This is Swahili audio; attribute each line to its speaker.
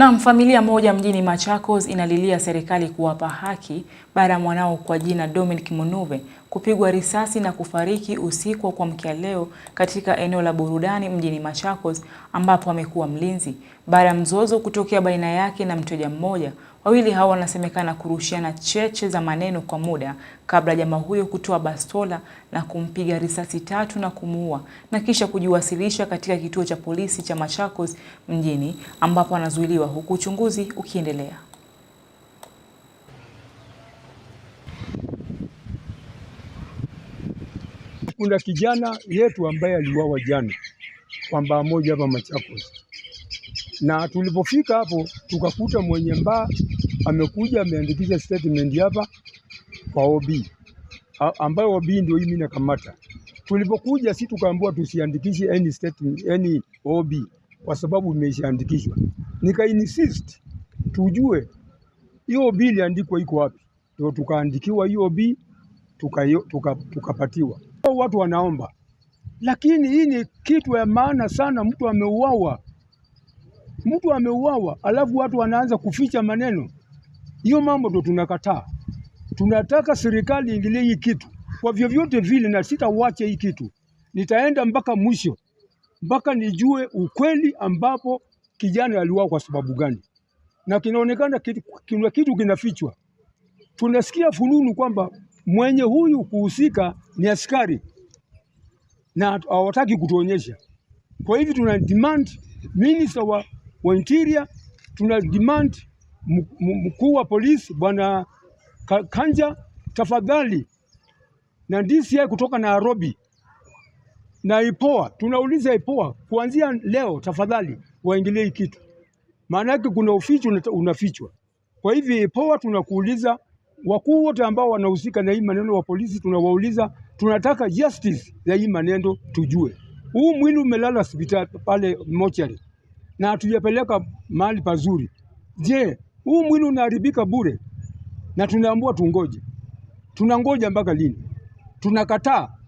Speaker 1: Naam, familia moja mjini Machakos inalilia serikali kuwapa haki baada ya mwanao kwa jina Dominic Munuve kupigwa risasi na kufariki usiku wa kuamkia leo katika eneo la burudani mjini Machakos ambapo amekuwa mlinzi baada ya mzozo kutokea baina yake na mteja mmoja. Wawili hao wanasemekana kurushiana cheche za maneno kwa muda kabla jamaa huyo kutoa bastola na kumpiga risasi tatu na kumuua na kisha kujiwasilisha katika kituo cha polisi cha Machakos mjini ambapo anazuiliwa huku uchunguzi ukiendelea.
Speaker 2: kuna kijana yetu ambaye aliuawa jana kwa mbaa moja hapa Machakos, na tulipofika hapo tukakuta mwenye mbaa amekuja ameandikisha statement hapa kwa OB ambayo OB ndio hii mimi nakamata. Tulipokuja si tukaambiwa tusiandikishe any statement, any OB kwa sababu imeshaandikishwa. Nika insist tujue hiyo OB iliandikwa iko wapi, ndio tukaandikiwa hiyo OB tukapatiwa tuka, tuka sababu watu wanaomba, lakini hii ni kitu ya maana sana. Mtu ameuawa, mtu ameuawa, alafu watu wanaanza kuficha maneno. Hiyo mambo ndo tunakataa. Tunataka serikali ingilie hii kitu kwa vyovyote vile, na sitawache hii kitu. Nitaenda mpaka mwisho, mpaka nijue ukweli ambapo kijana aliuawa kwa sababu gani, na kinaonekana kitu, kitu kinafichwa. Tunasikia fununu kwamba mwenye huyu kuhusika ni askari na hawataki kutuonyesha. Kwa hivyo tuna demand minister wa, wa interior, tuna demand mkuu wa polisi bwana Kanja, tafadhali na DCI kutoka Nairobi na IPOA, tunauliza IPOA kuanzia leo, tafadhali waingilie kitu, maana yake kuna uficho unafichwa. Kwa hivyo IPOA tunakuuliza wakuu wote ambao wanahusika na hii maneno wa polisi, tunawauliza tunataka justice ya hii maneno, tujue huu mwili umelala hospitali pale mochari na hatujapeleka mahali pazuri. Je, huu mwili unaharibika bure? Na tunaambua tungoje, tunangoja mpaka lini? Tunakataa